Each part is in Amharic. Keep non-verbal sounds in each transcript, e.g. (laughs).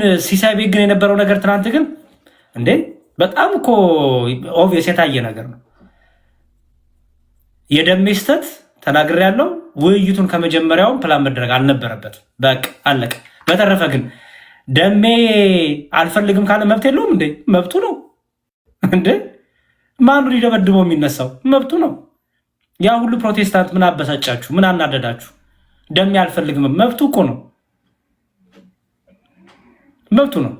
ግን ሲሳይ ቤት ግን የነበረው ነገር ትናንት ግን እንዴ በጣም እኮ ኦብቪየስ የታየ ነገር ነው። የደሜ ስተት ተናግር ያለው ውይይቱን ከመጀመሪያውም ፕላን መደረግ አልነበረበትም። በቅ አለቀ። በተረፈ ግን ደሜ አልፈልግም ካለ መብት የለውም እንዴ? መብቱ ነው እንዴ? ማኑ ሊደበድበው የሚነሳው መብቱ ነው። ያ ሁሉ ፕሮቴስታንት ምን አበሳጫችሁ? ምን አናደዳችሁ? ደሜ አልፈልግም መብቱ እኮ ነው። መብቱ ነው።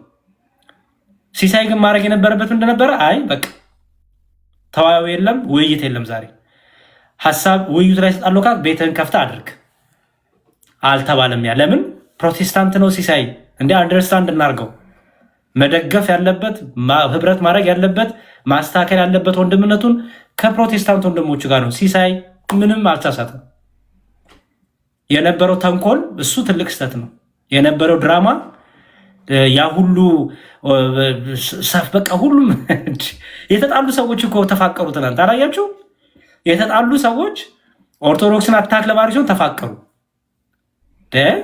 ሲሳይ ግን ማድረግ የነበረበት እንደነበረ አይ በቃ ተወያዩ የለም ውይይት የለም። ዛሬ ሀሳብ ውይይቱ ላይ ሰጣለሁ ካልክ ቤትህን አድርግ አልተባለም። ያ ለምን ፕሮቴስታንት ነው ሲሳይ እንዲ አንደርስታንድ እናርገው። መደገፍ ያለበት ህብረት ማድረግ ያለበት ማስተካከል ያለበት ወንድምነቱን ከፕሮቴስታንት ወንድሞቹ ጋር ነው። ሲሳይ ምንም አልተሳሳተም። የነበረው ተንኮል እሱ ትልቅ ስህተት ነው። የነበረው ድራማ ያ ሁሉ በቃ ሁሉም (laughs) የተጣሉ ሰዎች እኮ ተፋቀሩ። ትናንት አላያችሁ? የተጣሉ ሰዎች ኦርቶዶክስን አታክ ለማድረግ ሲሆን ተፋቀሩ። ይህ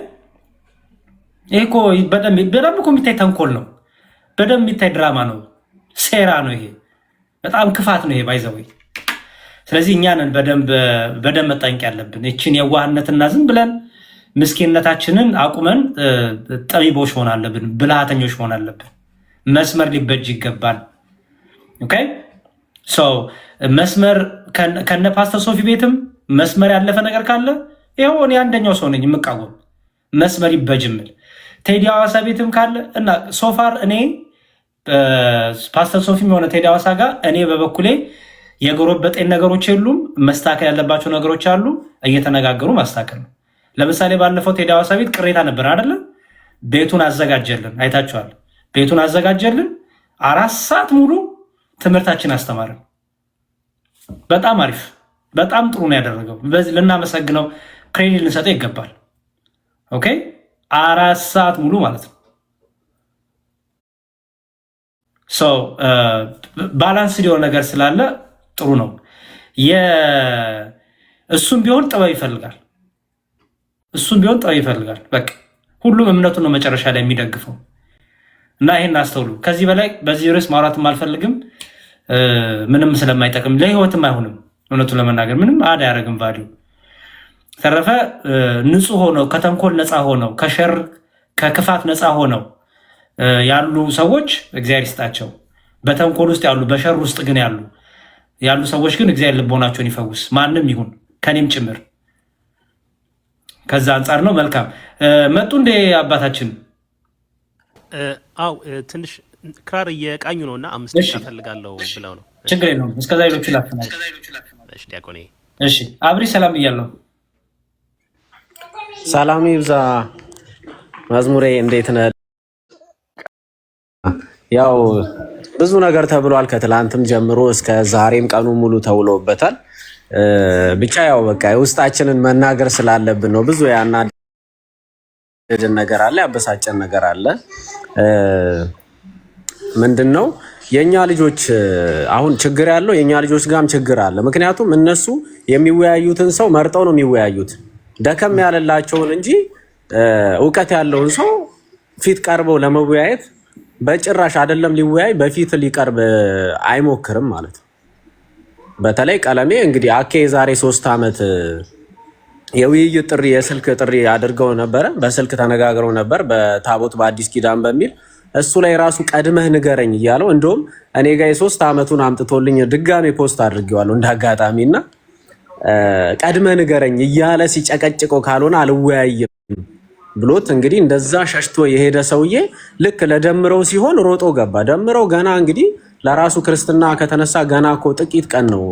እኮ በደንብ እኮ የሚታይ ተንኮል ነው። በደንብ የሚታይ ድራማ ነው፣ ሴራ ነው። ይሄ በጣም ክፋት ነው። ይሄ ባይዘወይ ስለዚህ እኛንን በደንብ መጠንቅ ያለብን ይችን የዋህነትና ዝም ብለን ምስኪንነታችንን አቁመን ጠቢቦች መሆን አለብን፣ ብልሃተኞች መሆን አለብን። መስመር ሊበጅ ይገባል። ሰው መስመር ከነ ፓስተር ሶፊ ቤትም መስመር ያለፈ ነገር ካለ ይኸው እኔ አንደኛው ሰው ነኝ የምቃወም መስመር ይበጅ ምል ቴዲ አዋሳ ቤትም ካለ እና ሶፋር እኔ ፓስተር ሶፊም የሆነ ቴዲ አዋሳ ጋር እኔ በበኩሌ የጎረበጤን ነገሮች የሉም። መስተካከል ያለባቸው ነገሮች አሉ። እየተነጋገሩ ማስተካከል ነው። ለምሳሌ ባለፈው ቴዲ ቤት ቅሬታ ነበር አይደለም? ቤቱን አዘጋጀልን፣ አይታችኋል። ቤቱን አዘጋጀልን፣ አራት ሰዓት ሙሉ ትምህርታችን አስተማርን። በጣም አሪፍ፣ በጣም ጥሩ ነው ያደረገው። ልናመሰግነው፣ ክሬዲት ልንሰጠው ይገባል። ኦኬ፣ አራት ሰዓት ሙሉ ማለት ነው። ባላንስ ሊሆን ነገር ስላለ ጥሩ ነው። እሱም ቢሆን ጥበብ ይፈልጋል። እሱም ቢሆን ጠብ ይፈልጋል። በቃ ሁሉም እምነቱን ነው መጨረሻ ላይ የሚደግፈው እና ይሄን አስተውሉ። ከዚህ በላይ በዚህ ርዕስ ማውራትም አልፈልግም፣ ምንም ስለማይጠቅም ለህይወትም አይሆንም። እውነቱን ለመናገር ምንም አድ አያደርግም። ቫዲ ተረፈ ንጹህ ሆነው ከተንኮል ነፃ ሆነው ከሸር ከክፋት ነፃ ሆነው ያሉ ሰዎች እግዚአብሔር ይስጣቸው። በተንኮል ውስጥ ያሉ በሸር ውስጥ ግን ያሉ ያሉ ሰዎች ግን እግዚአብሔር ልቦናቸውን ይፈውስ። ማንም ይሁን ከኔም ጭምር ከዛ አንጻር ነው። መልካም መጡ እንዴ አባታችን። አው ትንሽ ክራር እየቃኙ ነው እና አምስት እፈልጋለሁ ብለው ነው። ችግር የለውም እስከዛ ሌሎቹ ላፍናል። ዲያቆኔ እሺ፣ አብሪ ሰላም እያለው ሰላም ይብዛ። መዝሙሬ እንዴት ነ ያው ብዙ ነገር ተብሏል። ከትላንትም ጀምሮ እስከ ዛሬም ቀኑ ሙሉ ተውሎበታል። ብቻ ያው በቃ የውስጣችንን መናገር ስላለብን ነው። ብዙ ያናደደን ነገር አለ፣ ያበሳጨን ነገር አለ። ምንድን ነው የእኛ ልጆች አሁን ችግር ያለው የእኛ ልጆች ጋም ችግር አለ። ምክንያቱም እነሱ የሚወያዩትን ሰው መርጠው ነው የሚወያዩት፣ ደከም ያለላቸውን እንጂ እውቀት ያለውን ሰው ፊት ቀርበው ለመወያየት በጭራሽ አይደለም ሊወያይ በፊት ሊቀርብ አይሞክርም ማለት ነው። በተለይ ቀለሜ እንግዲህ አኬ የዛሬ ሶስት ዓመት የውይይት ጥሪ የስልክ ጥሪ አድርገው ነበረ። በስልክ ተነጋግረው ነበር በታቦት በአዲስ ኪዳን በሚል እሱ ላይ ራሱ ቀድመህ ንገረኝ እያለው እንደውም እኔ ጋ የሶስት ዓመቱን አምጥቶልኝ ድጋሜ ፖስት አድርጌዋለሁ እንደ አጋጣሚ እና ቀድመህ ንገረኝ እያለ ሲጨቀጭቀው ካልሆነ አልወያይም ብሎት እንግዲህ እንደዛ ሸሽቶ የሄደ ሰውዬ ልክ ለደምረው ሲሆን ሮጦ ገባ። ደምረው ገና እንግዲህ ለራሱ ክርስትና ከተነሳ ገና እኮ ጥቂት ቀን ነው።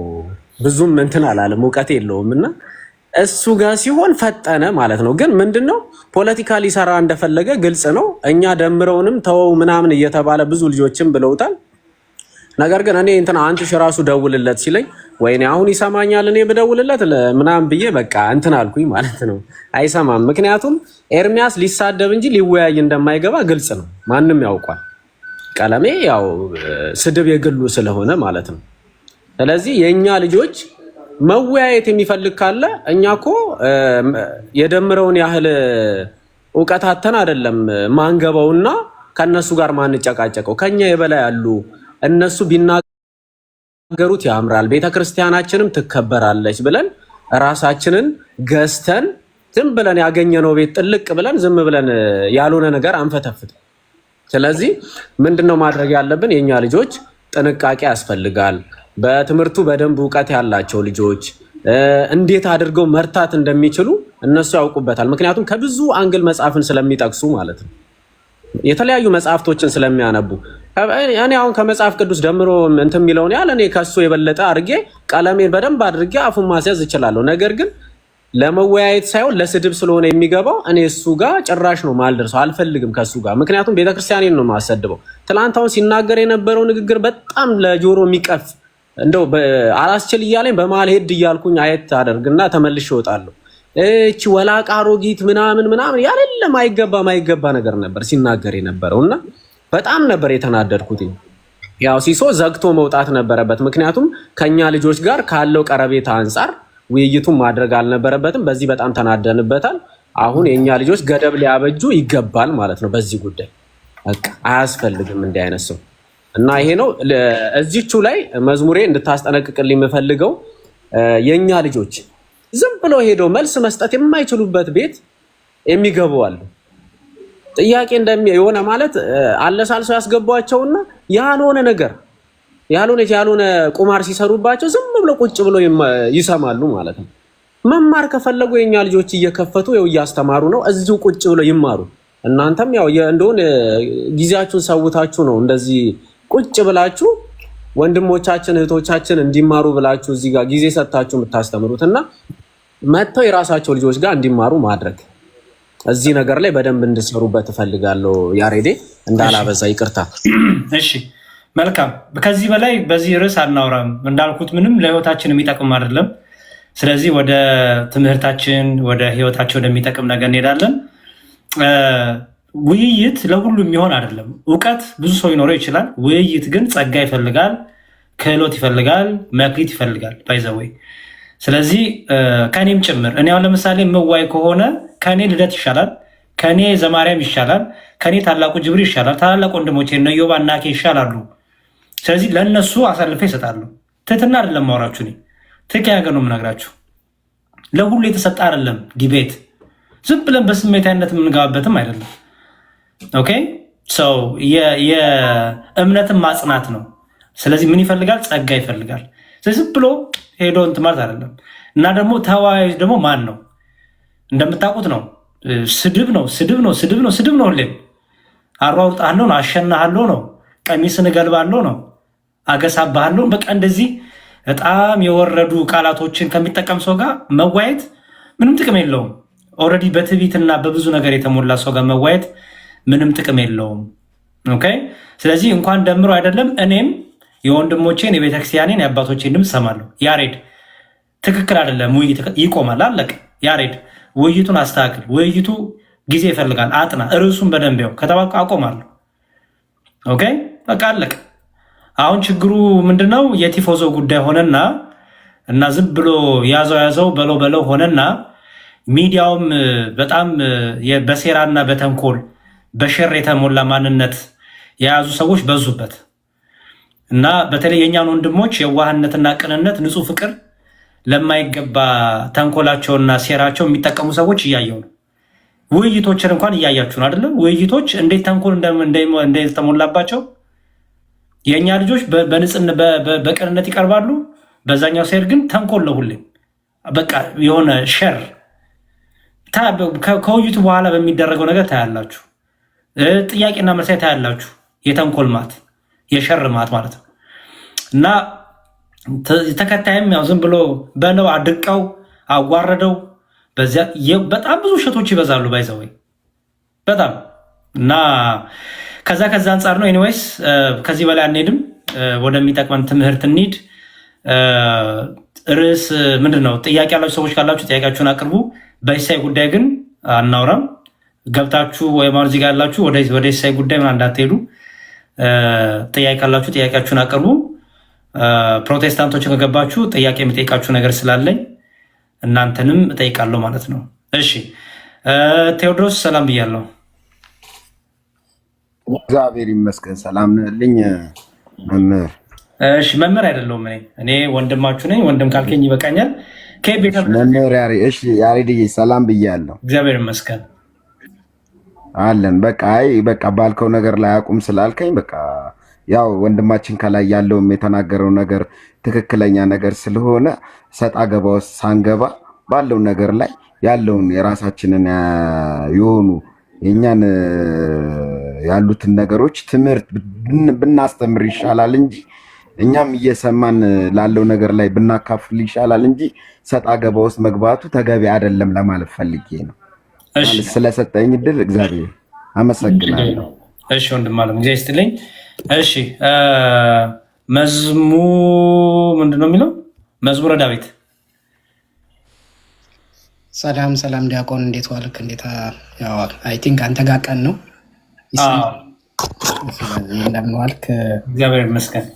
ብዙም እንትን አላለም እውቀት የለውም እና እሱ ጋር ሲሆን ፈጠነ ማለት ነው። ግን ምንድን ነው ፖለቲካ ሊሰራ እንደፈለገ ግልጽ ነው። እኛ ደምረውንም ተወው ምናምን እየተባለ ብዙ ልጆችም ብለውታል። ነገር ግን እኔ እንትን አንትሽ ራሱ ደውልለት ሲለኝ ወይኔ አሁን ይሰማኛል እኔ ብደውልለት ምናምን ብዬ በቃ እንትን አልኩኝ ማለት ነው። አይሰማም። ምክንያቱም ኤርሚያስ ሊሳደብ እንጂ ሊወያይ እንደማይገባ ግልጽ ነው። ማንም ያውቋል። ቀለሜ ያው ስድብ የግሉ ስለሆነ ማለት ነው። ስለዚህ የእኛ ልጆች መወያየት የሚፈልግ ካለ እኛ ኮ የደምረውን ያህል እውቀት አተን አይደለም ማንገባውና ከእነሱ ጋር ማንጨቃጨቀው። ከኛ የበላይ ያሉ እነሱ ቢናገሩት ያምራል፣ ቤተክርስቲያናችንም ትከበራለች ብለን ራሳችንን ገዝተን ዝም ብለን ያገኘነው ቤት ጥልቅ ብለን ዝም ብለን ያልሆነ ነገር አንፈተፍትም። ስለዚህ ምንድነው ማድረግ ያለብን? የእኛ ልጆች ጥንቃቄ ያስፈልጋል። በትምህርቱ በደንብ እውቀት ያላቸው ልጆች እንዴት አድርገው መርታት እንደሚችሉ እነሱ ያውቁበታል። ምክንያቱም ከብዙ አንግል መጽሐፍን ስለሚጠቅሱ ማለት ነው። የተለያዩ መጽሐፍቶችን ስለሚያነቡ እኔ አሁን ከመጽሐፍ ቅዱስ ደምሮ እንትን የሚለውን ያህል እኔ ከሱ የበለጠ አድርጌ ቀለሜን በደንብ አድርጌ አፉን ማስያዝ እችላለሁ። ነገር ግን ለመወያየት ሳይሆን ለስድብ ስለሆነ የሚገባው እኔ እሱ ጋር ጭራሽ ነው ማልደርሰው፣ አልፈልግም ከእሱ ጋር ምክንያቱም ቤተክርስቲያኔን ነው ማሰድበው ትናንት አሁን ሲናገር የነበረው ንግግር በጣም ለጆሮ የሚቀፍ እንደው አላስችል እያለኝ በመሀል ሄድ እያልኩኝ አየት አደርግና ተመልሽ እወጣለሁ። እቺ ወላቃ አሮጊት ምናምን ምናምን ያለለ ማይገባ ማይገባ ነገር ነበር ሲናገር የነበረው እና በጣም ነበር የተናደድኩት። ያው ሲሶ ዘግቶ መውጣት ነበረበት፣ ምክንያቱም ከኛ ልጆች ጋር ካለው ቀረቤታ አንጻር ውይይቱን ማድረግ አልነበረበትም። በዚህ በጣም ተናደንበታል። አሁን የእኛ ልጆች ገደብ ሊያበጁ ይገባል ማለት ነው በዚህ ጉዳይ አያስፈልግም እንዲህ አይነት ሰው እና ይሄ ነው እዚቹ ላይ መዝሙሬ እንድታስጠነቅቅልኝ የምፈልገው የእኛ ልጆች ዝም ብሎ ሄደው መልስ መስጠት የማይችሉበት ቤት የሚገቡ አሉ። ጥያቄ እንደሚ የሆነ ማለት አለሳልሰው ያስገቧቸውና ያልሆነ ነገር ያልሆነች ያልሆነ ቁማር ሲሰሩባቸው ዝም ብለው ቁጭ ብለው ይሰማሉ ማለት ነው። መማር ከፈለጉ የኛ ልጆች እየከፈቱ ው እያስተማሩ ነው። እዚሁ ቁጭ ብለው ይማሩ። እናንተም ያው እንደሆነ ጊዜያችሁን ሰውታችሁ ነው እንደዚህ ቁጭ ብላችሁ ወንድሞቻችን እህቶቻችን እንዲማሩ ብላችሁ እዚህ ጋር ጊዜ ሰጥታችሁ የምታስተምሩት እና መጥተው የራሳቸው ልጆች ጋር እንዲማሩ ማድረግ እዚህ ነገር ላይ በደንብ እንድሰሩበት እፈልጋለሁ። ያሬዴ እንዳላበዛ ይቅርታ። እሺ መልካም ከዚህ በላይ በዚህ ርዕስ አናውራም። እንዳልኩት ምንም ለህይወታችን የሚጠቅም አይደለም። ስለዚህ ወደ ትምህርታችን ወደ ህይወታችን ወደሚጠቅም ነገር እንሄዳለን። ውይይት ለሁሉም የሚሆን አይደለም። እውቀት ብዙ ሰው ሊኖረው ይችላል። ውይይት ግን ጸጋ ይፈልጋል፣ ክህሎት ይፈልጋል፣ መክሊት ይፈልጋል። ባይዘወይ ስለዚህ ከኔም ጭምር እኔ አሁን ለምሳሌ መዋይ ከሆነ ከኔ ልደት ይሻላል፣ ከኔ ዘማርያም ይሻላል፣ ከኔ ታላቁ ጅብሪ ይሻላል። ታላላቅ ወንድሞቼ እነ ዮባ እናኬ ይሻላሉ። ስለዚህ ለእነሱ አሳልፈ ይሰጣሉ። ትህትና አይደለም ማውራችሁ እኔ ትክ ያገ ነው የምነግራችሁ። ለሁሉ የተሰጠ አይደለም ዲቤት። ዝም ብለን በስሜታዊነት የምንገባበትም አይደለም። ኦኬ ሰው የእምነትን ማጽናት ነው። ስለዚህ ምን ይፈልጋል? ጸጋ ይፈልጋል። ስለዚህ ዝም ብሎ ሄዶ እንትን ማለት አይደለም። እና ደግሞ ተወያዩ ደግሞ ማን ነው እንደምታውቁት ነው። ስድብ ነው፣ ስድብ ነው፣ ስድብ ነው፣ ስድብ ነው። ሁሌም አሯሩጣለሁ ነው፣ አሸናሃለሁ ነው፣ ቀሚስን እገልባለሁ ነው አገሳባሃለሁ። በቃ እንደዚህ በጣም የወረዱ ቃላቶችን ከሚጠቀም ሰው ጋር መዋየት ምንም ጥቅም የለውም። ኦልሬዲ እና በብዙ ነገር የተሞላ ሰው ጋር መዋየት ምንም ጥቅም የለውም። ኦኬ። ስለዚህ እንኳን ደምሮ አይደለም እኔም የወንድሞቼን የቤተክርስቲያኔን የአባቶቼን ድምፅ ሰማለሁ። ያሬድ ትክክል አይደለም፣ ውይይት ይቆማል። አለቅ ያሬድ ውይይቱን አስተካክል። ውይይቱ ጊዜ ይፈልጋል። አጥና ርዕሱን በደንብ ያው ከተባልኩ አቆማለሁ። ኦኬ በቃ አለቅ አሁን ችግሩ ምንድነው? የቲፎዞ ጉዳይ ሆነና እና ዝም ብሎ ያዘው ያዘው በለው በለው ሆነና ሚዲያውም በጣም በሴራና በተንኮል በሸር የተሞላ ማንነት የያዙ ሰዎች በዙበት እና በተለይ የእኛን ወንድሞች የዋህነትና ቅንነት፣ ንጹህ ፍቅር ለማይገባ ተንኮላቸውና ሴራቸው የሚጠቀሙ ሰዎች እያየው ነው። ውይይቶችን እንኳን እያያችሁ ነው አይደለም? ውይይቶች እንዴት ተንኮል እንደተሞላባቸው የእኛ ልጆች በቅንነት ይቀርባሉ። በዛኛው ሴር ግን ተንኮል ለሁሌም በቃ የሆነ ሸር ከውይይቱ በኋላ በሚደረገው ነገር ታያላችሁ። ጥያቄና መልሳይ ታያላችሁ። የተንኮል ማት የሸር ማት ማለት ነው እና ተከታይም ያው ዝም ብሎ በለው አድቀው አዋረደው። በዚያ በጣም ብዙ ውሸቶች ይበዛሉ። ባይዘወይ በጣም እና ከዛ ከዛ አንጻር ነው። ኤኒዌይስ ከዚህ በላይ አንሄድም። ወደሚጠቅመን ትምህርት እንሂድ። ርዕስ ምንድን ነው? ጥያቄ ያላችሁ ሰዎች ካላችሁ ጥያቄያችሁን አቅርቡ። በኢሳይ ጉዳይ ግን አናውራም። ገብታችሁ ወይም አሁን እዚህ ያላችሁ ወደ ኢሳይ ጉዳይ ምን እንዳትሄዱ። ጥያቄ ካላችሁ ጥያቄያችሁን አቅርቡ። ፕሮቴስታንቶችን ከገባችሁ ጥያቄ የምጠይቃችሁ ነገር ስላለኝ እናንተንም እጠይቃለሁ ማለት ነው። እሺ ቴዎድሮስ ሰላም ብያለሁ። እግዚአብሔር ይመስገን ሰላም ነልኝ። መምህር እሺ፣ መምህር አይደለሁም እኔ እኔ ወንድማችሁ ነኝ። ወንድም ካልከኝ ይበቃኛል። መምህር ያሬ እሺ፣ ያሬድዬ ሰላም ብያለሁ። እግዚአብሔር ይመስገን አለን። በቃ አይ በቃ ባልከው ነገር ላይ አቁም ስላልከኝ በቃ ያው ወንድማችን ከላይ ያለውም የተናገረው ነገር ትክክለኛ ነገር ስለሆነ ሰጣ ገባ ውስጥ ሳንገባ ባለው ነገር ላይ ያለውን የራሳችንን የሆኑ የእኛን ያሉትን ነገሮች ትምህርት ብናስተምር ይሻላል እንጂ እኛም እየሰማን ላለው ነገር ላይ ብናካፍል ይሻላል እንጂ ሰጣ ገባ ውስጥ መግባቱ ተገቢ አይደለም ለማለት ፈልጌ ነው። ስለሰጠኝ እድል እግዚአብሔር አመሰግናለሁ። እሺ ወንድም አለም ጊዜ ስትልኝ። እሺ መዝሙ ምንድን ነው የሚለው መዝሙረ ዳዊት ሰላም ሰላም ዲያቆን እንዴት ዋልክ? እንዴት አይ ቲንክ አንተ ጋር ቀን ነው። እንደምን ዋልክ? እግዚአብሔር ይመስገን።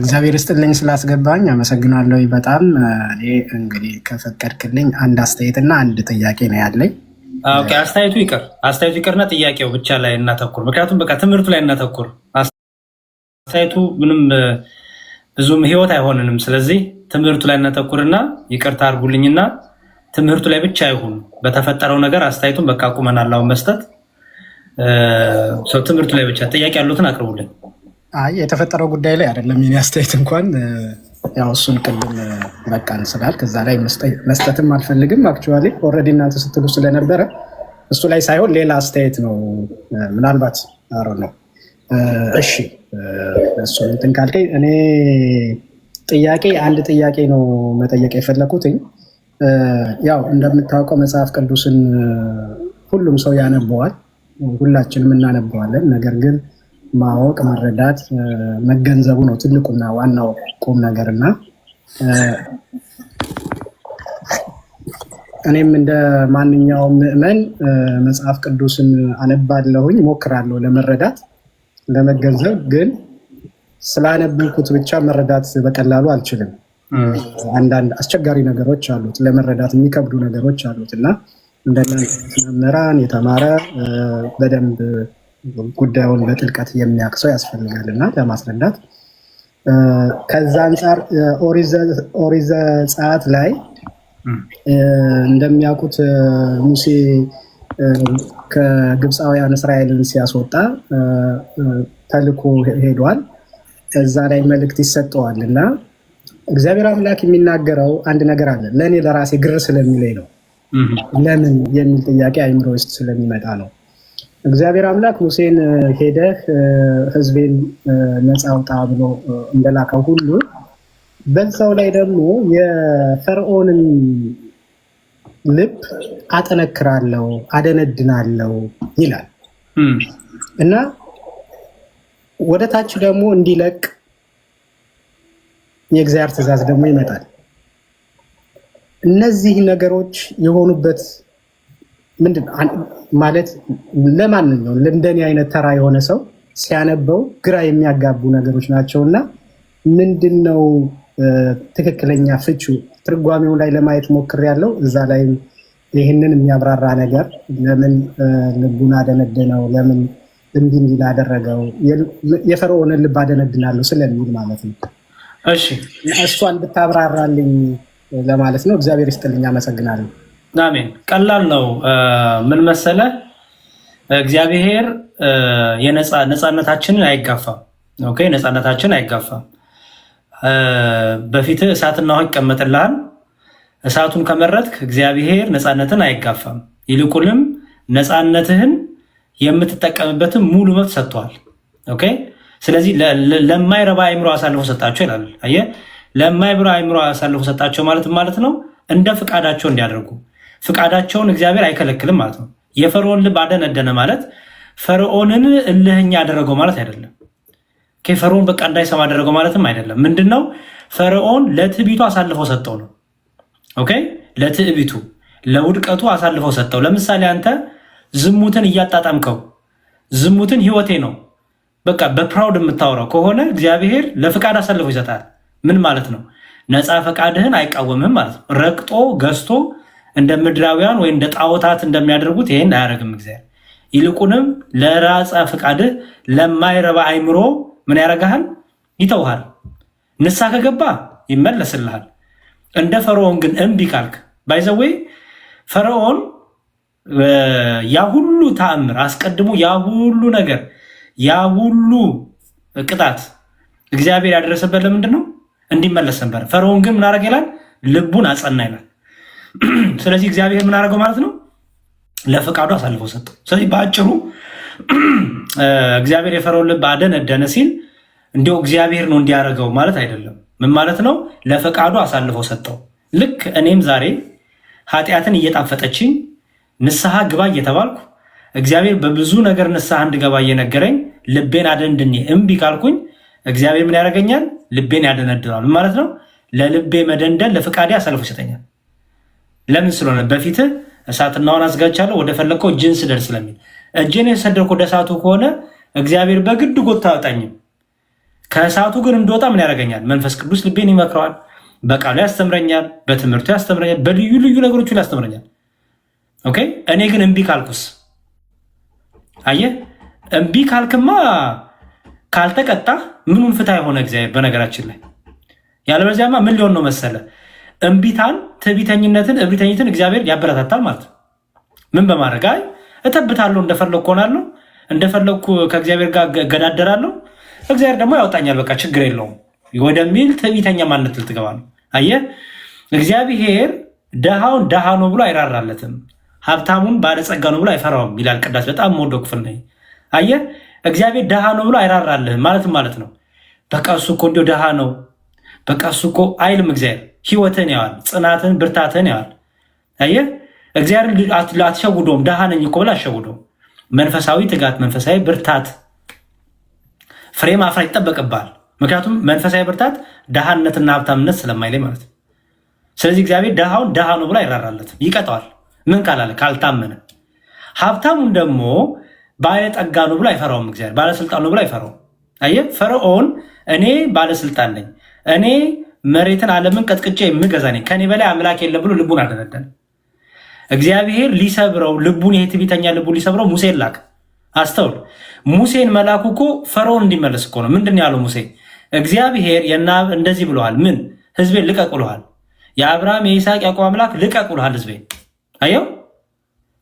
እግዚአብሔር ይስጥልኝ ስላስገባኝ አመሰግናለሁ በጣም። እኔ እንግዲህ ከፈቀድክልኝ አንድ አስተያየትና አንድ ጥያቄ ነው ያለኝ። አስተያየቱ ይቅር አስተያየቱ ይቅርና ጥያቄው ብቻ ላይ እናተኩር። ምክንያቱም በቃ ትምህርቱ ላይ እናተኩር። አስተያየቱ ምንም ብዙም ህይወት አይሆንንም። ስለዚህ ትምህርቱ ላይ እናተኩርና ይቅርታ አድርጉልኝና ትምህርቱ ላይ ብቻ አይሁን በተፈጠረው ነገር አስተያየቱን በቃ ቁመናል አሁን መስጠት ትምህርቱ ላይ ብቻ ጥያቄ ያሉትን አቅርቡልን። አይ የተፈጠረው ጉዳይ ላይ አይደለም። የኔ አስተያየት እንኳን ያው እሱን ቅድም በቃ እንስላል ከዛ ላይ መስጠትም አልፈልግም። አክቹዋሊ ኦልሬዲ እናንተ ስትሉ ስለነበረ እሱ ላይ ሳይሆን ሌላ አስተያየት ነው። ምናልባት አሮ ነው። እሺ እሱ እንትን ካልከኝ እኔ ጥያቄ አንድ ጥያቄ ነው መጠየቅ የፈለኩትኝ ያው እንደምታውቀው መጽሐፍ ቅዱስን ሁሉም ሰው ያነበዋል፣ ሁላችንም እናነበዋለን። ነገር ግን ማወቅ መረዳት፣ መገንዘቡ ነው ትልቁና ዋናው ቁም ነገርና እኔም እንደ ማንኛውም ምዕመን መጽሐፍ ቅዱስን አነባለሁኝ፣ ሞክራለሁ ለመረዳት ለመገንዘብ። ግን ስላነበብኩት ብቻ መረዳት በቀላሉ አልችልም። አንዳንድ አስቸጋሪ ነገሮች አሉት፣ ለመረዳት የሚከብዱ ነገሮች አሉት እና እንደናንተ መምህራን የተማረ በደንብ ጉዳዩን በጥልቀት የሚያውቅ ሰው ያስፈልጋል እና ለማስረዳት ከዛ አንጻር ኦሪት ዘጸአት ላይ እንደሚያውቁት ሙሴ ከግብፃውያን እስራኤልን ሲያስወጣ ተልኮ ሄዷል። እዛ ላይ መልእክት ይሰጠዋል እና እግዚአብሔር አምላክ የሚናገረው አንድ ነገር አለ። ለእኔ ለራሴ ግር ስለሚለኝ ነው። ለምን የሚል ጥያቄ አይምሮ ውስጥ ስለሚመጣ ነው። እግዚአብሔር አምላክ ሙሴን ሄደህ ህዝቤን ነፃ አውጣ ብሎ እንደላከው ሁሉ በዛው ላይ ደግሞ የፈርዖንን ልብ አጠነክራለሁ፣ አደነድናለሁ ይላል እና ወደ ታች ደግሞ እንዲለቅ የእግዚአብሔር ትእዛዝ ደግሞ ይመጣል። እነዚህ ነገሮች የሆኑበት ምንድን ማለት ለማንኛው ለእንደኔ አይነት ተራ የሆነ ሰው ሲያነበው ግራ የሚያጋቡ ነገሮች ናቸው እና ምንድን ነው ትክክለኛ ፍቹ? ትርጓሜውን ላይ ለማየት ሞክር ያለው እዛ ላይ ይህንን የሚያብራራ ነገር ለምን ልቡን አደነደነው፣ ለምን እንዲህ እንዲል አደረገው፣ የፈርዖንን ልብ አደነድናለሁ ስለሚል ማለት ነው። እሺ እሷን ብታብራራልኝ ለማለት ነው። እግዚአብሔር ይስጥልኝ፣ አመሰግናለሁ። አሜን። ቀላል ነው። ምን መሰለ፣ እግዚአብሔር ነፃነታችንን አይጋፋም። ነፃነታችንን ነፃነታችን አይጋፋም። በፊት እሳትና ውሃ ይቀመጥልሃል። እሳቱን ከመረጥክ እግዚአብሔር ነፃነትን አይጋፋም። ይልቁንም ነፃነትህን የምትጠቀምበትን ሙሉ መብት ሰጥቷል። ኦኬ ስለዚህ ለማይረባ አይምሮ አሳልፎ ሰጣቸው ይላል። ለማይረባ አይምሮ አሳልፎ ሰጣቸው ማለት ማለት ነው እንደ ፍቃዳቸው እንዲያደርጉ። ፍቃዳቸውን እግዚአብሔር አይከለክልም ማለት ነው። የፈርዖን ልብ አደነደነ ማለት ፈርዖንን እልህኛ ያደረገው ማለት አይደለም። ፈርዖን በቃ እንዳይሰማ አደረገው ማለትም አይደለም። ምንድነው? ፈርዖን ለትዕቢቱ አሳልፎ ሰጠው ነው። ኦኬ፣ ለትዕቢቱ ለውድቀቱ አሳልፎ ሰጠው። ለምሳሌ አንተ ዝሙትን እያጣጣምከው ዝሙትን ህይወቴ ነው በቃ በፕራውድ የምታወራው ከሆነ እግዚአብሔር ለፍቃድ አሳልፎ ይሰጣል። ምን ማለት ነው? ነፃ ፈቃድህን አይቃወምም ማለት ነው። ረግጦ ገዝቶ እንደ ምድራውያን ወይ እንደ ጣዖታት እንደሚያደርጉት ይህን አያደርግም እግዚአብሔር። ይልቁንም ለራፀ ፈቃድህ ለማይረባ አይምሮ ምን ያረጋሃል? ይተውሃል። ንሳ ከገባ ይመለስልሃል። እንደ ፈርዖን ግን እምቢ ካልክ ባይዘዌ ፈርዖን ያ ሁሉ ተአምር አስቀድሞ ያ ሁሉ ነገር ያ ሁሉ ቅጣት እግዚአብሔር ያደረሰበት ለምንድን ነው? እንዲመለስ ነበር። ፈርዖን ግን ምን ይላል? ልቡን አጸና ይላል። (clears throat) ስለዚህ እግዚአብሔር ምናረገው ማለት ነው? ለፈቃዱ አሳልፎ ሰጠው። ስለዚህ በአጭሩ (clears throat) እግዚአብሔር የፈርዖን ልብ አደነደነ ሲል እንዲሁ እግዚአብሔር ነው እንዲያደርገው ማለት አይደለም። ምን ማለት ነው? ለፈቃዱ አሳልፎ ሰጠው። ልክ እኔም ዛሬ ኃጢአትን እየጣፈጠችኝ ንስሐ ግባ እየተባልኩ እግዚአብሔር በብዙ ነገር ንስሐ እንድገባ እየነገረኝ ልቤን አደንድኜ እምቢ ካልኩኝ እግዚአብሔር ምን ያደርገኛል? ልቤን ያደነድናል ማለት ነው። ለልቤ መደንደን ለፍቃዴ አሳልፎ ይሰጠኛል። ለምን ስለሆነ በፊት እሳትና ውሃን አዘጋጅቻለሁ ወደ ፈለግከው እጅን ስደድ ስለሚል እጅን የሰደድኩ ወደ እሳቱ ከሆነ እግዚአብሔር በግድ ጎታ አወጣኝም። ከእሳቱ ግን እንደወጣ ምን ያደርገኛል? መንፈስ ቅዱስ ልቤን ይመክረዋል። በቃሉ ያስተምረኛል፣ በትምህርቱ ያስተምረኛል፣ በልዩ ልዩ ነገሮች ያስተምረኛል። ኦኬ እኔ ግን እምቢ ካልኩስ አየህ እምቢ ካልክማ ካልተቀጣ ምኑን ፍታ የሆነ እግዚአብሔር በነገራችን ላይ ያለበዚያማ ምን ሊሆን ነው መሰለ እምቢታን ትዕቢተኝነትን እብሪተኝትን እግዚአብሔር ያበረታታል ማለት ነው ምን በማድረግ አይ እተብታለሁ እንደፈለግኩ ሆናለሁ እንደፈለግኩ ከእግዚአብሔር ጋር እገዳደራለሁ እግዚአብሔር ደግሞ ያወጣኛል በቃ ችግር የለውም ወደሚል ትዕቢተኛ ማነት ልትገባ ነው አየህ እግዚአብሔር ደሃውን ደሃ ነው ብሎ አይራራለትም ሀብታሙን ባለጸጋ ነው ብሎ አይፈራውም ይላል ቅዳሴ። በጣም ሞዶ ክፍል ነኝ። አየህ እግዚአብሔር ድሃ ነው ብሎ አይራራልህም ማለት ማለት ነው። በቃ እሱ እኮ እንዲያው ድሃ ነው በቃ እሱ እኮ አይልም። እግዚአብሔር ህይወትን ያዋል፣ ጽናትን፣ ብርታትን ያዋል። አየህ እግዚአብሔር አትሸውዶም። ድሃ ነኝ እኮ ብሎ አሸውዶም። መንፈሳዊ ትጋት፣ መንፈሳዊ ብርታት ፍሬ ማፍራት ይጠበቅብሃል። ምክንያቱም መንፈሳዊ ብርታት ድሃነትና ሀብታምነት ስለማይለይ ማለት ነው። ስለዚህ እግዚአብሔር ድሃውን ድሃ ነው ብሎ አይራራለትም፣ ይቀጠዋል። ምን ቃል አለ? ካልታመነ። ሀብታሙን ደግሞ ባለጠጋ ነው ብሎ አይፈራውም። እግዚአብሔር ባለስልጣን ነው ብሎ አይፈራውም። አየህ፣ ፈርዖን እኔ ባለስልጣን ነኝ፣ እኔ መሬትን ዓለምን ቀጥቅጬ የምገዛ ነኝ፣ ከኔ በላይ አምላክ የለም ብሎ ልቡን አደነደነ። እግዚአብሔር ሊሰብረው ልቡን፣ ይሄ ትዕቢተኛ ልቡን ሊሰብረው ሙሴን ላክ። አስተውል። ሙሴን መላኩ እኮ ፈርዖን እንዲመለስ እኮ ነው። ምንድን ያለው ሙሴ? እግዚአብሔር እንደዚህ ብለዋል፣ ምን ህዝቤን ልቀቅ ብለዋል። የአብርሃም የይስሐቅ ያዕቆብ አምላክ ልቀቅ ህዝቤን አየው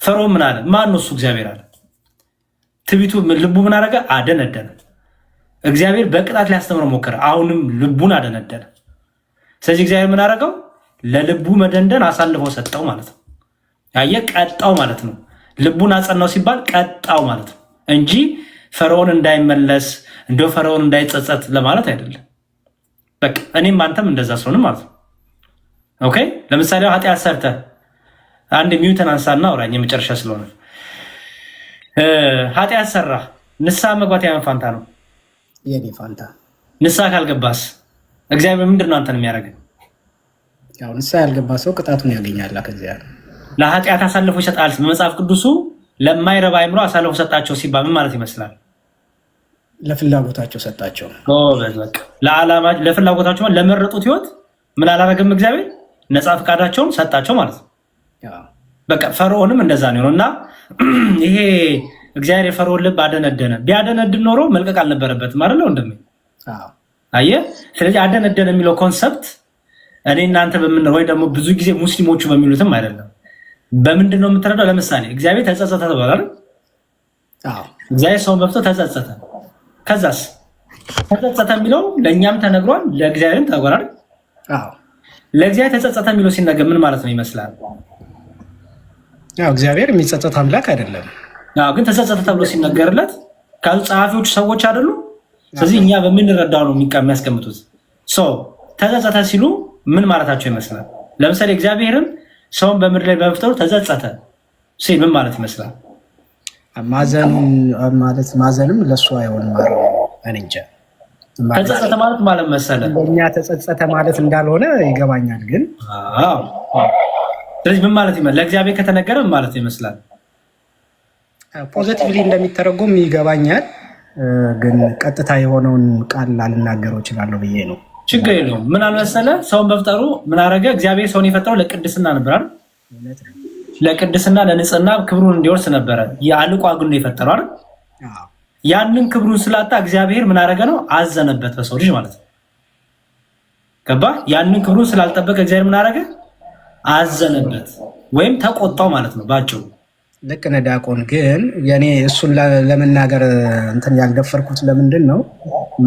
ፈሮ ምን አለ? ማን ነው እሱ? እግዚአብሔር አለ። ትቢቱ ልቡ ምን አደረገ? አደነደነ። እግዚአብሔር በቅጣት ሊያስተምረው ሞከረ። አሁንም ልቡን አደነደነ። ስለዚህ እግዚአብሔር ምን አደረገው? ለልቡ መደንደን አሳልፎ ሰጠው ማለት ነው። አየህ፣ ቀጣው ማለት ነው። ልቡን አጸናው ሲባል ቀጣው ማለት ነው እንጂ ፈርዖን እንዳይመለስ እንደ ፈርዖን እንዳይጸጸት ለማለት አይደለም። በቃ እኔም አንተም እንደዛ ስለሆነ ማለት ነው። ኦኬ፣ ለምሳሌ ኃጢአት ሰርተህ አንድ ሚውተን አንሳና አውራኝ የመጨረሻ ስለሆነ ኃጢአት ሰራ ንስሓ መግባት ያን ፋንታ ነው የኔ ፋንታ ንስሓ ካልገባስ እግዚአብሔር ምንድን ነው አንተን የሚያደርገን ያው ያልገባ ሰው ቅጣቱን ያገኛል ከዚያ ለኃጢአት አሳልፎ ይሰጣል በመጽሐፍ ቅዱሱ ለማይረባ አይምሮ አሳልፎ ሰጣቸው ሲባል ምን ማለት ይመስላል ለፍላጎታቸው ሰጣቸው ለፍላጎታቸው ለመረጡት ህይወት ምን አላረግም እግዚአብሔር ነፃ ፈቃዳቸውን ሰጣቸው ማለት ነው በቃ ፈርዖንም እንደዛ ነው እና (clears throat) ይሄ እግዚአብሔር የፈርዖን ልብ አደነደነ። ቢያደነድን ኖሮ መልቀቅ አልነበረበትም አይደለ ወንድም? አየ ስለዚህ አደነደነ የሚለው ኮንሰፕት እኔ እናንተ በምን ወይ ደግሞ ብዙ ጊዜ ሙስሊሞቹ በሚሉትም አይደለም። በምንድን ነው የምትረዳው? ለምሳሌ እግዚአብሔር ተጸጸተ ተባለ። እግዚአብሔር ሰውን በፍቶ ተጸጸተ። ከዛስ ተጸጸተ የሚለው ለእኛም ተነግሯል፣ ለእግዚአብሔርም ተጓራል። ለእግዚአብሔር ተጸጸተ የሚለው ሲነገር ምን ማለት ነው ይመስላል? እግዚአብሔር የሚጸጸት አምላክ አይደለም። ግን ተጸጸተ ተብሎ ሲነገርለት ካሉ ጸሐፊዎች ሰዎች አይደሉ። ስለዚህ እኛ በምንረዳው ነው የሚያስቀምጡት። ተጸጸተ ሲሉ ምን ማለታቸው ይመስላል? ለምሳሌ እግዚአብሔርም ሰውን በምድር ላይ በመፍጠሩ ተጸጸተ ሲል ምን ማለት ይመስላል? ማዘንም ለእሱ አይሆንም። እኔ እንጃ ተጸጸተ ማለት ማለት መሰለ እኛ ተጸጸተ ማለት እንዳልሆነ ይገባኛል ግን ስለዚህ ምን ማለት ይመስላል? ለእግዚአብሔር ከተነገረ ምን ማለት ይመስላል? ፖዘቲቭሊ እንደሚተረጎም ይገባኛል፣ ግን ቀጥታ የሆነውን ቃል ላልናገረው እችላለሁ ብዬ ነው። ችግር የለውም። ምን አልመሰለ ሰውን በፍጠሩ ምን አረገ? እግዚአብሔር ሰውን የፈጠረው ለቅድስና ነበራል። ለቅድስና ለንጽህና ክብሩን እንዲወርስ ነበረ። የአልቆ አግኖ የፈጠረው አይደል? ያንን ክብሩን ስላጣ እግዚአብሔር ምን አረገ ነው? አዘነበት በሰው ልጅ ማለት ነው። ገባ? ያንን ክብሩን ስላልጠበቀ እግዚአብሔር ምን አረገ? አዘነበት ወይም ተቆጣው ማለት ነው ባጭሩ። ልክ ነህ ዲያቆን። ግን የኔ እሱን ለመናገር እንትን ያልደፈርኩት ለምንድን ነው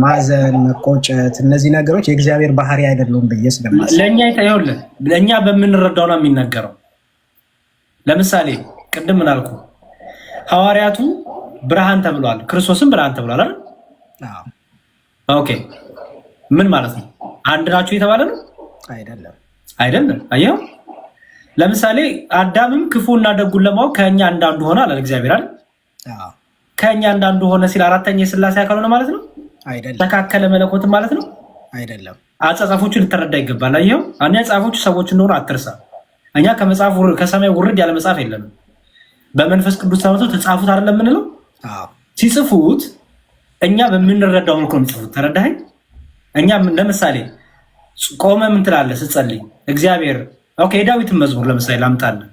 ማዘን፣ መቆጨት እነዚህ ነገሮች የእግዚአብሔር ባህሪ አይደለውም ብዬ ስለማስብ ለእኛ ይታየውልን ለእኛ በምንረዳው ነው የሚነገረው። ለምሳሌ ቅድም ምን ሐዋርያቱ ብርሃን ተብሏል፣ ክርስቶስም ብርሃን ተብሏል አይደል? ኦኬ ምን ማለት ነው? አንድ ናችሁ የተባለ ነው አይደለም? አይደለም። አየኸው ለምሳሌ አዳምም ክፉና ደጉን ለማወቅ ከእኛ እንዳንዱ ሆነ አለ እግዚአብሔር አይደል? ከእኛ እንዳንዱ ሆነ ሲል አራተኛ የስላሴ አካል ሆነ ማለት ነው። ተካከለ መለኮት ማለት ነው አይደለም። አጻጻፎቹ ልተረዳ ይገባል። ይኸው አኛ ጻፎቹ ሰዎች እንደሆኑ አትርሳ። እኛ ከመጽሐፍ ከሰማይ ውርድ ያለ መጽሐፍ የለንም። በመንፈስ ቅዱስ ተመቶ ተጻፉት አይደለም የምንለው ሲጽፉት እኛ በምንረዳው መልኩ ነው የሚጽፉት። ተረዳኸኝ? እኛ ለምሳሌ ቆመ ምን ትላለህ ስትጸልይ እግዚአብሔር ኦኬ የዳዊትን መዝሙር ለምሳሌ ላምጣልህ።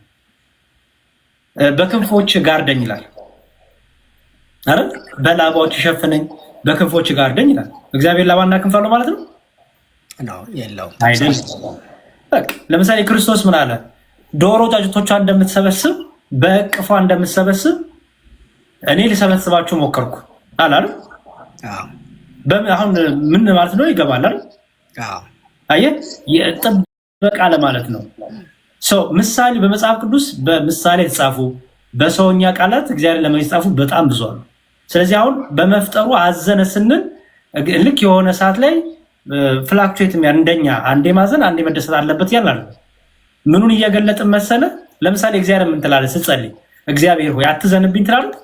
በክንፎች ጋርደኝ ይላል አረ በላባዎች ሸፍነኝ በክንፎች ጋርደኝ ይላል። እግዚአብሔር ላባና ክንፍ አለው ማለት ነው የለውም? ለምሳሌ ክርስቶስ ምን አለ? ዶሮ ጫጭቶቿ እንደምትሰበስብ በእቅፏ እንደምትሰበስብ እኔ ልሰበስባችሁ ሞከርኩ አላል። አሁን ምን ማለት ነው ይገባል አይደል? አየህ በቃለ ማለት ነው። ምሳሌ በመጽሐፍ ቅዱስ በምሳሌ የተጻፉ በሰውኛ ቃላት እግዚአብሔር ለመ የተጻፉ በጣም ብዙ አሉ። ስለዚህ አሁን በመፍጠሩ አዘነ ስንል ልክ የሆነ ሰዓት ላይ ፍላክቹዌት እንደኛ አንዴ ማዘን አንዴ መደሰት አለበት ያላል። ምኑን እየገለጥን መሰለ? ለምሳሌ እግዚአብሔር ምን ትላለህ ስትጸልይ? እግዚአብሔር ሆይ አትዘንብኝ ትላለህ።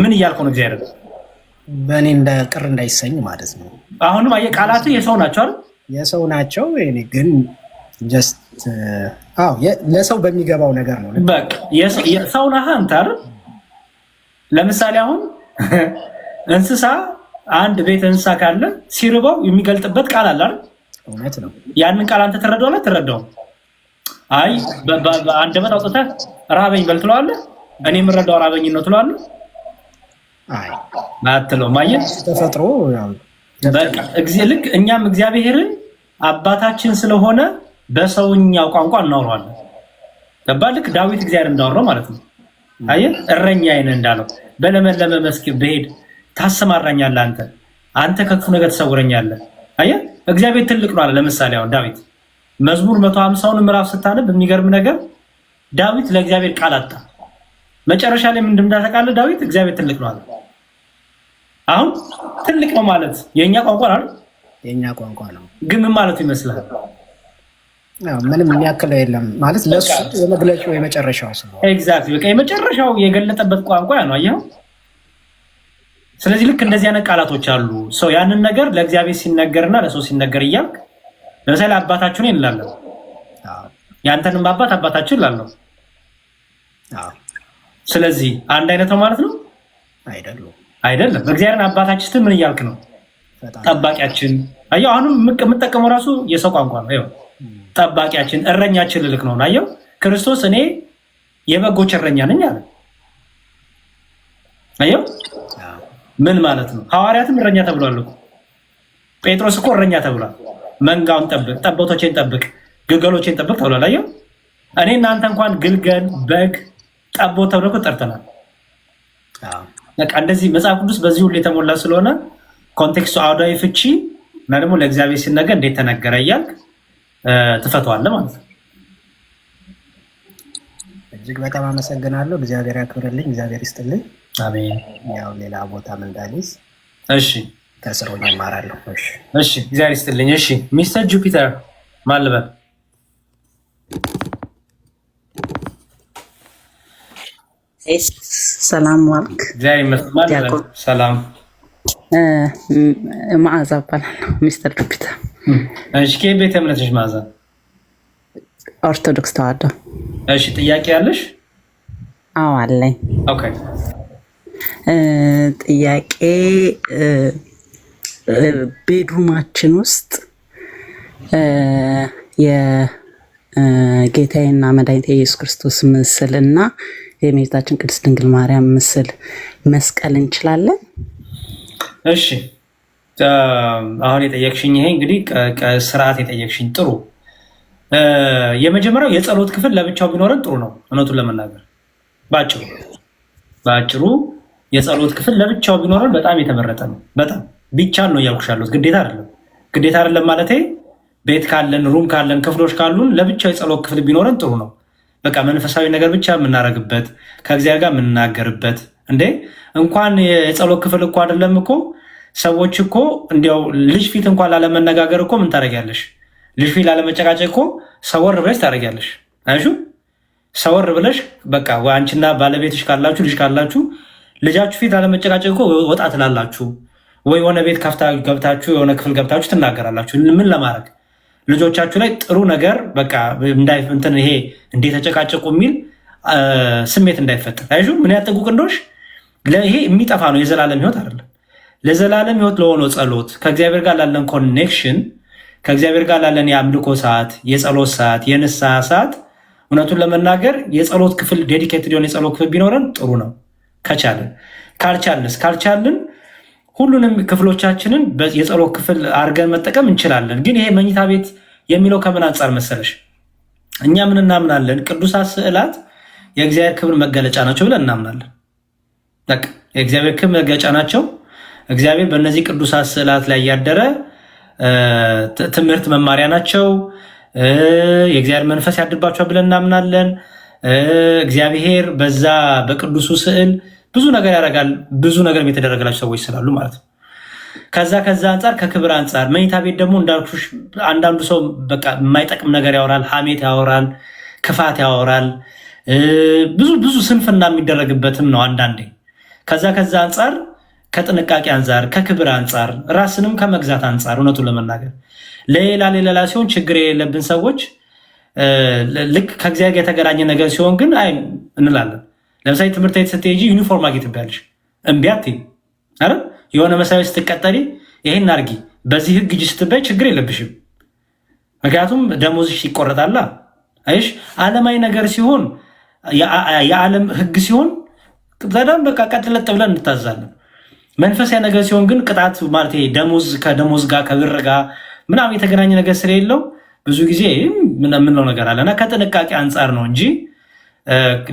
ምን እያልኩ ነው? እግዚአብሔር በእኔ ቅር እንዳይሰኝ ማለት ነው። አሁንም አየህ ቃላት የሰው ናቸው አይደል የሰው ናቸው ግን uh, ለሰው በሚገባው ነገር ነው። የሰው ነህ አንተ አይደል? ለምሳሌ አሁን (laughs) እንስሳ አንድ ቤት እንስሳ ካለ ሲርበው የሚገልጥበት ቃል አለ አይደል? እውነት ነው። ያንን ቃል አንተ ትረዳዋለህ? ትረዳውም? አይ በአንደበት አውጥተህ ራበኝ በል ትለዋለህ? እኔ የምረዳው ራበኝ ነው ትለዋለህ? አትለውም። አየህ ተፈጥሮ ልክ እኛም እግዚአብሔርን አባታችን ስለሆነ በሰውኛው ቋንቋ እናውረዋለን። ገባ? ልክ ዳዊት እግዚአብሔር እንዳወራው ማለት ነው። አየህ እረኛ አይነ እንዳለው በለመለመ መስክ ብሄድ ታሰማራኛለህ፣ አንተ አንተ ከክፉ ነገር ትሰውረኛለህ። አየህ እግዚአብሔር ትልቅ ነው አለ። ለምሳሌ አሁን ዳዊት መዝሙር መቶ ሀምሳውን ምዕራፍ ስታነብ የሚገርም ነገር ዳዊት ለእግዚአብሔር ቃል አጣ። መጨረሻ ላይ ምንድን እንዳተቃለ ዳዊት እግዚአብሔር ትልቅ ነው አለ። አሁን ትልቅ ነው ማለት የእኛ ቋንቋ ነው፣ የእኛ ቋንቋ ነው። ግን ምን ማለት ይመስላል? ምንም የሚያክለው የለም ማለት ለሱ የመግለጫው የመጨረሻው ኤግዛክት በቃ የመጨረሻው የገለጠበት ቋንቋ ነው። አየኸው። ስለዚህ ልክ እንደዚህ አይነት ቃላቶች አሉ። ሰው ያንን ነገር ለእግዚአብሔር ሲነገርና ለሰው ሲነገር እያልክ ለምሳሌ አባታችሁን እንላለን፣ የአንተንም አባት አባታችን እላለሁ። ስለዚህ አንድ አይነት ነው ማለት ነው አይደሉም አይደለም። እግዚአብሔርን አባታችን ስትል ምን እያልክ ነው? ጠባቂያችን። አየው፣ አሁንም የምጠቀመው ራሱ የሰው ቋንቋ ነው። ጠባቂያችን፣ እረኛችን ልልክ ነው። አየው፣ ክርስቶስ እኔ የበጎች እረኛ ነኝ አለ። አየው፣ ምን ማለት ነው? ሐዋርያትም እረኛ ተብሏል እኮ። ጴጥሮስ እኮ እረኛ ተብሏል። መንጋውን ጠብቅ፣ ጠቦቶቼን ጠብቅ፣ ግልገሎቼን ጠብቅ ተብሏል። አየው፣ እኔ እናንተ እንኳን ግልገል፣ በግ፣ ጠቦት ተብሎ ጠርተናል። በቃ እንደዚህ መጽሐፍ ቅዱስ በዚህ ሁሉ የተሞላ ስለሆነ ኮንቴክስቱ አውዳዊ ፍቺ እና ደግሞ ለእግዚአብሔር ሲነገር እንዴት ተነገረ እያልክ ትፈቷዋለህ ማለት ነው። እጅግ በጣም አመሰግናለሁ። እግዚአብሔር ያክብርልኝ፣ እግዚአብሔር ይስጥልኝ። አሜን። ያው ሌላ ቦታ ምንዳሊዝ እሺ፣ ከስሩ ይማራለሁ። እሺ፣ እሺ፣ እግዚአብሔር ይስጥልኝ። እሺ፣ ሚስተር ጁፒተር ማልበል ሰላም ዋልክ። ሰላም መዓዛ እባላለሁ። ሚስተር ዱቢታ እሺ፣ ቤተ እምነትሽ መዓዛ ኦርቶዶክስ ተዋህዶ። እሺ፣ ጥያቄ ያለሽ? አዎ አለኝ። ጥያቄ ቤድሩማችን ውስጥ የጌታዬና መድኃኒቴ ኢየሱስ ክርስቶስ ምስል እና የእመቤታችን ቅድስት ድንግል ማርያም ምስል መስቀል እንችላለን? እሺ አሁን የጠየቅሽኝ ይሄ እንግዲህ ስርዓት የጠየቅሽኝ ጥሩ። የመጀመሪያው የጸሎት ክፍል ለብቻው ቢኖረን ጥሩ ነው። እውነቱን ለመናገር በአጭሩ በአጭሩ የጸሎት ክፍል ለብቻው ቢኖረን በጣም የተመረጠ ነው። በጣም ቢቻል ነው እያልኩሽ ያለሁት ግዴታ አይደለም። ግዴታ አይደለም ማለት ቤት ካለን ሩም ካለን ክፍሎች ካሉን ለብቻው የጸሎት ክፍል ቢኖረን ጥሩ ነው። በቃ መንፈሳዊ ነገር ብቻ የምናደርግበት ከእግዚአብሔር ጋር የምናገርበት እንዴ እንኳን የጸሎት ክፍል እኮ አይደለም እኮ ሰዎች እኮ እንዲያው ልጅ ፊት እንኳን ላለመነጋገር እኮ ምን ታደርጊያለሽ? ልጅ ፊት ላለመጨቃጨቅ እኮ ሰወር ብለሽ ታደርጊያለሽ። አይሹ ሰወር ብለሽ በቃ አንቺና ባለቤትሽ ካላችሁ ልጅ ካላችሁ ልጃችሁ ፊት ላለመጨቃጨቅ እኮ ወጣ ትላላችሁ፣ ወይ የሆነ ቤት ከፍታ ገብታችሁ የሆነ ክፍል ገብታችሁ ትናገራላችሁ። ምን ለማድረግ ልጆቻችሁ ላይ ጥሩ ነገር በቃ እንትን ይሄ እንዴ ተጨቃጨቁ የሚል ስሜት እንዳይፈጠር አይሹ ምን ያጠጉ ቅንዶች ይሄ የሚጠፋ ነው፣ የዘላለም ህይወት አይደለም። ለዘላለም ህይወት ለሆነው ጸሎት ከእግዚአብሔር ጋር ላለን ኮኔክሽን ከእግዚአብሔር ጋር ላለን የአምልኮ ሰዓት፣ የጸሎት ሰዓት፣ የንስሐ ሰዓት እውነቱን ለመናገር የጸሎት ክፍል ዴዲኬትድ የሆነ የጸሎት ክፍል ቢኖረን ጥሩ ነው። ከቻለን ካልቻልንስ ካልቻልን ሁሉንም ክፍሎቻችንን የጸሎት ክፍል አድርገን መጠቀም እንችላለን። ግን ይሄ መኝታ ቤት የሚለው ከምን አንጻር መሰለሽ? እኛ ምን እናምናለን? ቅዱሳት ስዕላት የእግዚአብሔር ክብር መገለጫ ናቸው ብለን እናምናለን። በቃ የእግዚአብሔር ክብር መገለጫ ናቸው። እግዚአብሔር በእነዚህ ቅዱሳት ስዕላት ላይ ያደረ ትምህርት መማሪያ ናቸው። የእግዚአብሔር መንፈስ ያድርባቸዋል ብለን እናምናለን። እግዚአብሔር በዛ በቅዱሱ ስዕል ብዙ ነገር ያደርጋል። ብዙ ነገር የተደረገላቸው ሰዎች ስላሉ ማለት ነው። ከዛ ከዛ አንጻር ከክብር አንጻር መኝታ ቤት ደግሞ እንዳልኩሽ አንዳንዱ ሰው በቃ የማይጠቅም ነገር ያወራል፣ ሀሜት ያወራል፣ ክፋት ያወራል። ብዙ ብዙ ስንፍና የሚደረግበትም ነው አንዳንዴ። ከዛ ከዛ አንጻር ከጥንቃቄ አንጻር ከክብር አንጻር ራስንም ከመግዛት አንጻር እውነቱን ለመናገር ለሌላ ሌላ ሲሆን ችግር የሌለብን ሰዎች ልክ ከእግዚአብሔር የተገናኘ ነገር ሲሆን ግን አይ እንላለን ለምሳሌ ትምህርት ቤት ስትሄጂ ዩኒፎርም አጌጥብያለሽ እምቢ አትይም አይደል? የሆነ መስሪያ ቤት ስትቀጠሪ ይሄን አድርጊ በዚህ ህግ እጅ ስትበይ ችግር የለብሽም። ምክንያቱም ደሞዝሽ ይቆረጣላ። አይሽ አለማዊ ነገር ሲሆን የዓለም ህግ ሲሆን በጣም በቃ ቀጥለጥ ብለን እንታዛለን። መንፈሳዊ ነገር ሲሆን ግን ቅጣት ማለት ደሞዝ ከደሞዝ ጋር ከብር ጋር ምናምን የተገናኘ ነገር ስለሌለው ብዙ ጊዜ ምንለው ነገር አለና ከጥንቃቄ አንጻር ነው እንጂ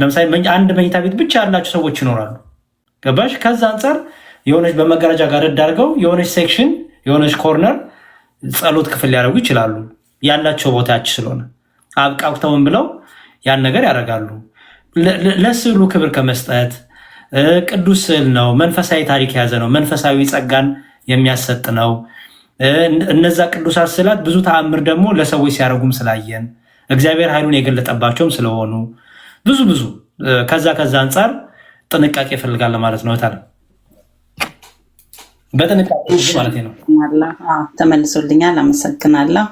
ለምሳሌ አንድ መኝታ ቤት ብቻ ያላቸው ሰዎች ይኖራሉ። ገባሽ? ከዛ አንጻር የሆነች በመጋረጃ ጋር አድርገው የሆነች ሴክሽን የሆነች ኮርነር ጸሎት ክፍል ሊያደርጉ ይችላሉ። ያላቸው ቦታች ስለሆነ አብቃቅተውን ብለው ያን ነገር ያደርጋሉ። ለስዕሉ ክብር ከመስጠት ቅዱስ ስዕል ነው፣ መንፈሳዊ ታሪክ የያዘ ነው፣ መንፈሳዊ ጸጋን የሚያሰጥ ነው። እነዛ ቅዱሳት ስዕላት ብዙ ተአምር ደግሞ ለሰዎች ሲያደርጉም ስላየን እግዚአብሔር ኃይሉን የገለጠባቸውም ስለሆኑ ብዙ ብዙ ከዛ ከዛ አንጻር ጥንቃቄ ይፈልጋል ማለት ነው። ታ በጥንቃቄ ማለት ነው። ተመልሶልኛል። አመሰግናለሁ።